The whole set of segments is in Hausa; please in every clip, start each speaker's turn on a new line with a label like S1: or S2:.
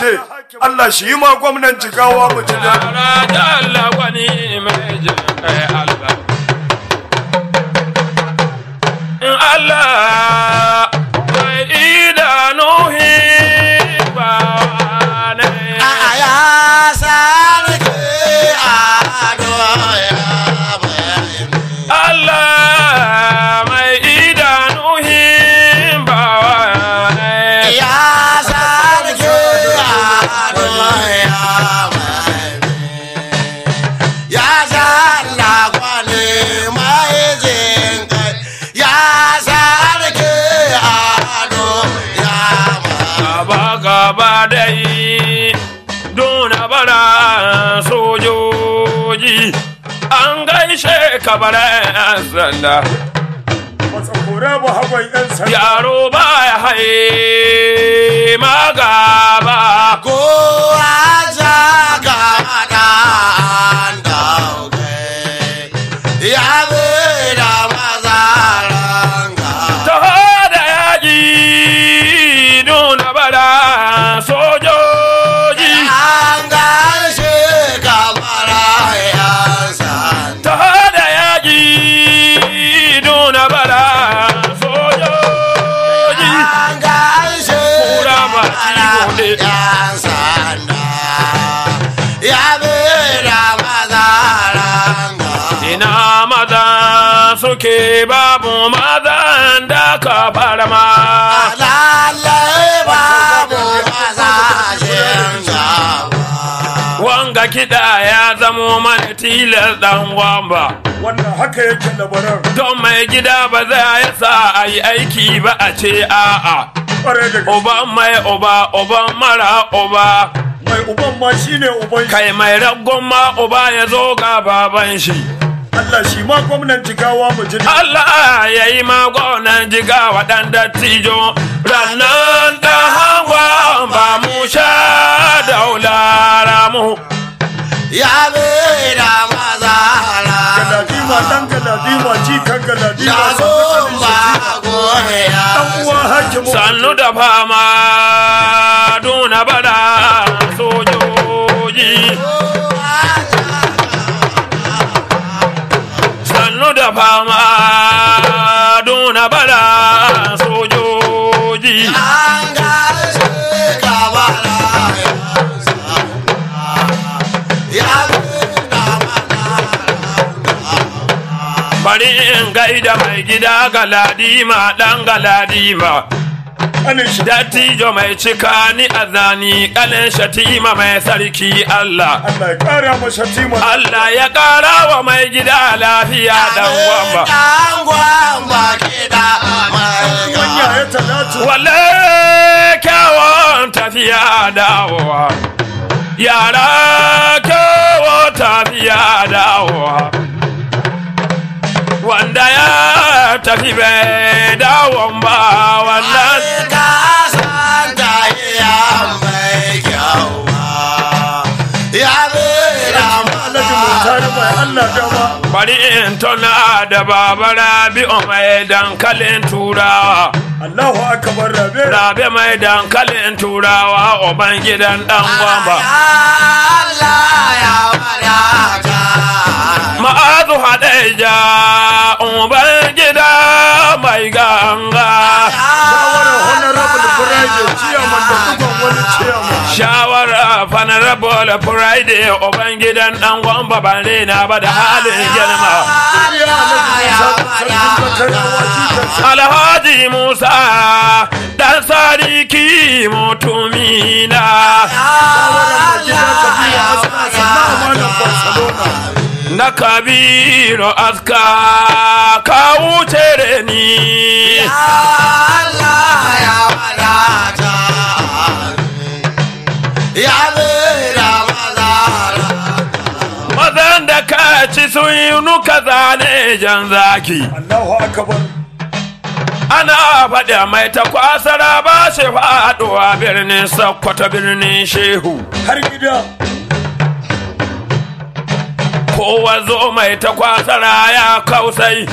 S1: ce Allah shi ma gwamnan ci mu ci da Allah wani mai jin kabara yan sanda yaro ba ya haye maga muke babu mazan da ka farma. Alalai babu mazashin jawa. Wanga kiɗa ya zamo mana tilar ɗan wamba. Wannan haka yake barar. Don mai gida ba za ya sa a yi aiki ba a ce a'a. Oba mai oba, oba mara oba. Mai uban ma shine uban Kai mai ragon ma oba ya zo ga baban shi. Allah shi ma gwamnan jigawa mu ji Allah ya yi ma gwamnan jigawa dan da tijo. rannan da hawa ba mu sha daula ramu ya bai da maza galadima dan galadima ji kan galadima ya zo ba gore ya mu. sannu da fama duna bada sojoji na sojoji bari in gaida mai gida galadima dan galadima dattijo mai cika ni azani kalin shatima mai sarki Allah Allah ya ƙara wa mai gida lafiya dan gwamba dawowa yara kawo tafiya dawowa wanda ya tafi bai dawon ba wannan kasan ta iya mai ya bari in tona da babara bi'o mai dankalin turawa Allahu akbar rabe rabe mai dankalin turawa oban gidan dan gwamba Allah ya baraka ma'azu hadaija oban gida mai ganga shawara fanarabol friday oban gidan dan gwamba ban rena ba da halin girma alhaji musa dan sariki mutumina na kabiru aska ka wuce ni Allah sun yi nuka zane jan zaki ana faɗi mai ta kwasara ba shi faɗuwa birnin sakkwato birnin shehu har kowa zo mai ta kwasara ya kausai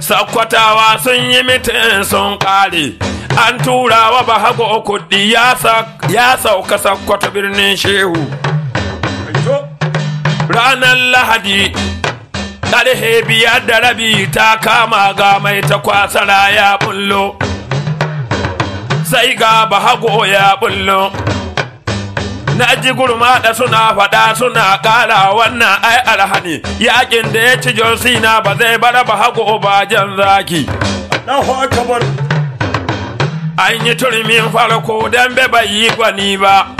S1: sakkwatawa sun yi mitin sun ƙare an turawa ba hago kuɗi ya sauka sakkwato birnin shehu ranar lahadi ƙarfe biyar da rabi ta kama ga mai ta kwasara ya bullo sai ga bahago ya bullo na ji gurma da suna faɗa suna ƙara wannan ai alhani yakin da ya ci jonsina ba zai bara bahago ba jan zaki an yi turmin farko don bai yi gwani ba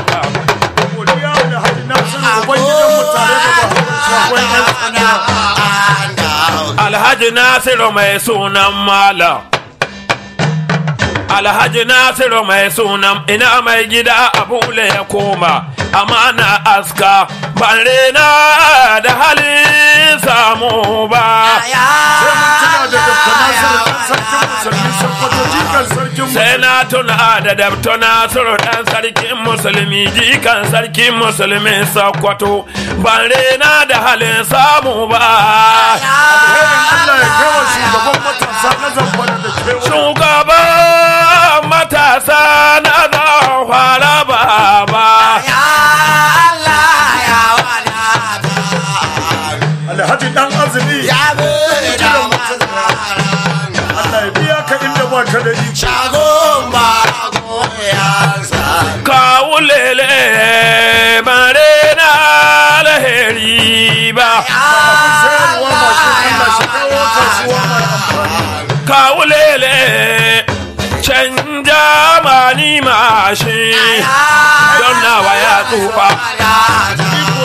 S1: alhaji nasiru mai sunan malam alhaji nasiru mai sunan ina mai gida a bule ya koma amana aska ban rena da halin samu ba sai na tuna da dabtona suru dan sarkin musulmi kan sarkin musulmi sakwato ban rena da halin samu ba shugaban kawulele canja mani mashi don nawa ya tsufa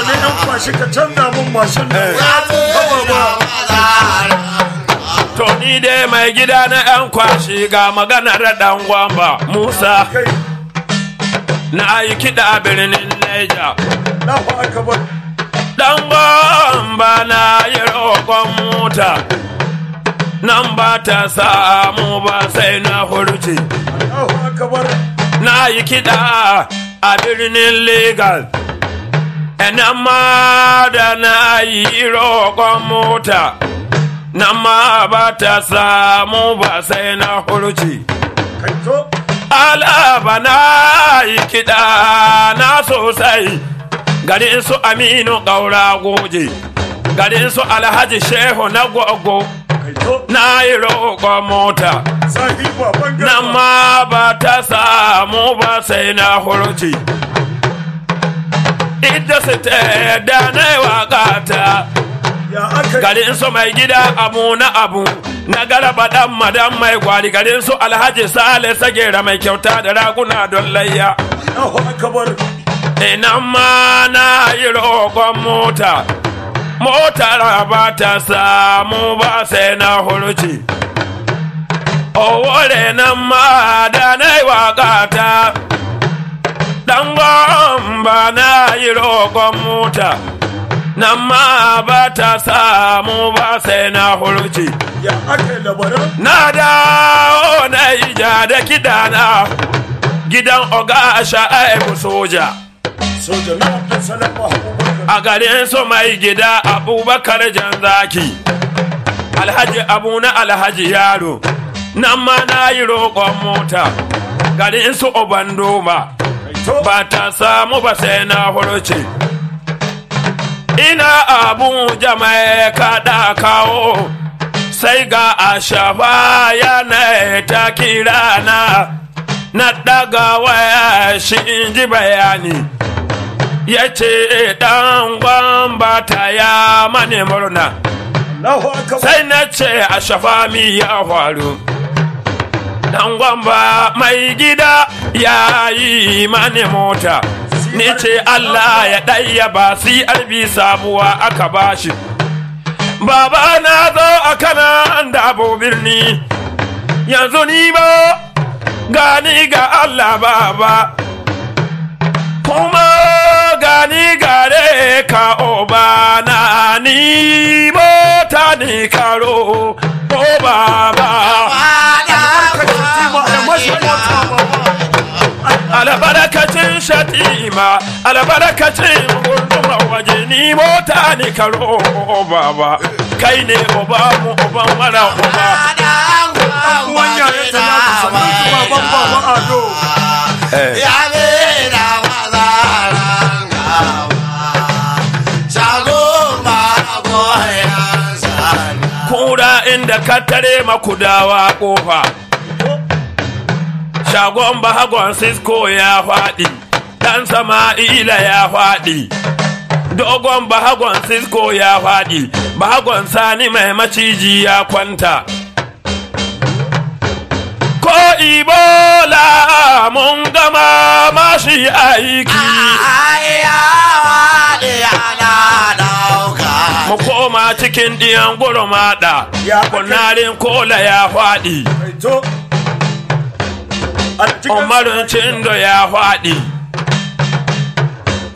S1: ne ɗan kwashi ka canza mun mashin da eh. ya tsufa To ni dai mai gida na 'yan kwashi ga maganar ɗan gwamba Musa. Na yi kiɗa birnin Naija. Ɗan gwamba na yi roƙon mota. ta samu ba sai na hurce na yi kiɗa a birnin legas ena ma da na yi roƙon mota na ma ba ta samu ba sai na hurce alaba na yi kiɗa na sosai garin su aminu ƙaura goje garin su alhaji shehu na gogo na yi roƙon mota na ma ba ta samu ba sai na hurci idda su ta da na yi garin su mai gida abu na abu na garaba dan madan mai gwari garin su alhaji sale sagera mai kyauta da raguna don layya Ina eh, ma na yi roƙon mota motar ba ta samu ba sai na hurci owore nan ma da na yi waƙata na yi rokon mota nan ma ba ta samu ba sai na hurci na dawo na yi ja da gidan oga sha'aibu soja soja na a garin su mai gida abubakar jan-zaki. alhaji abu na alhaji yaro nan ma na yi roƙon mota garin su uban doma ba ta samu ba sai na hurce ina abu jama'a kada kawo sai ga ya na ta kirana na daga waya shi in ji bayani ya ce dan eh, ta ya mani murna sai na ce a shafa shafami ya faru dan gwamba mai gida ya yi mani mota ni ce allah ya ɗaya ba crb sabuwa aka bashi baba na zo a kana da abu birni yanzu ni ba gani ga allah baba ni gare ka obana ni bota ni karo o baba shatima waje ni mota ni karo o baba kai ne oba mu oban mara oba kusa ban ado eh. kuda inda katare makudawa kofa shagon bahagon sisko ya faɗi ɗan sama'ila ya faɗi dogon bahagon sisko ya faɗi bahagon sani mai maciji ya kwanta ko ibola mun gama mashi aiki cikin diyan gurmada kunarin kola ya faɗi umarin cindo ya faɗi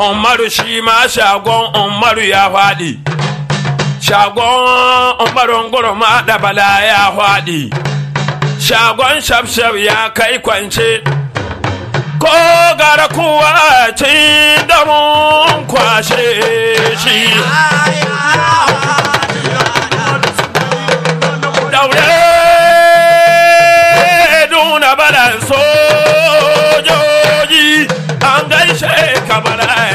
S1: umaru shi ma shagon umaru ya faɗi shagon umarun gurmada bala ya faɗi shagon shafshaf ya kai kwance ko gara kuwa ci da kwashe shi ṣe kàbàlà ẹ̀.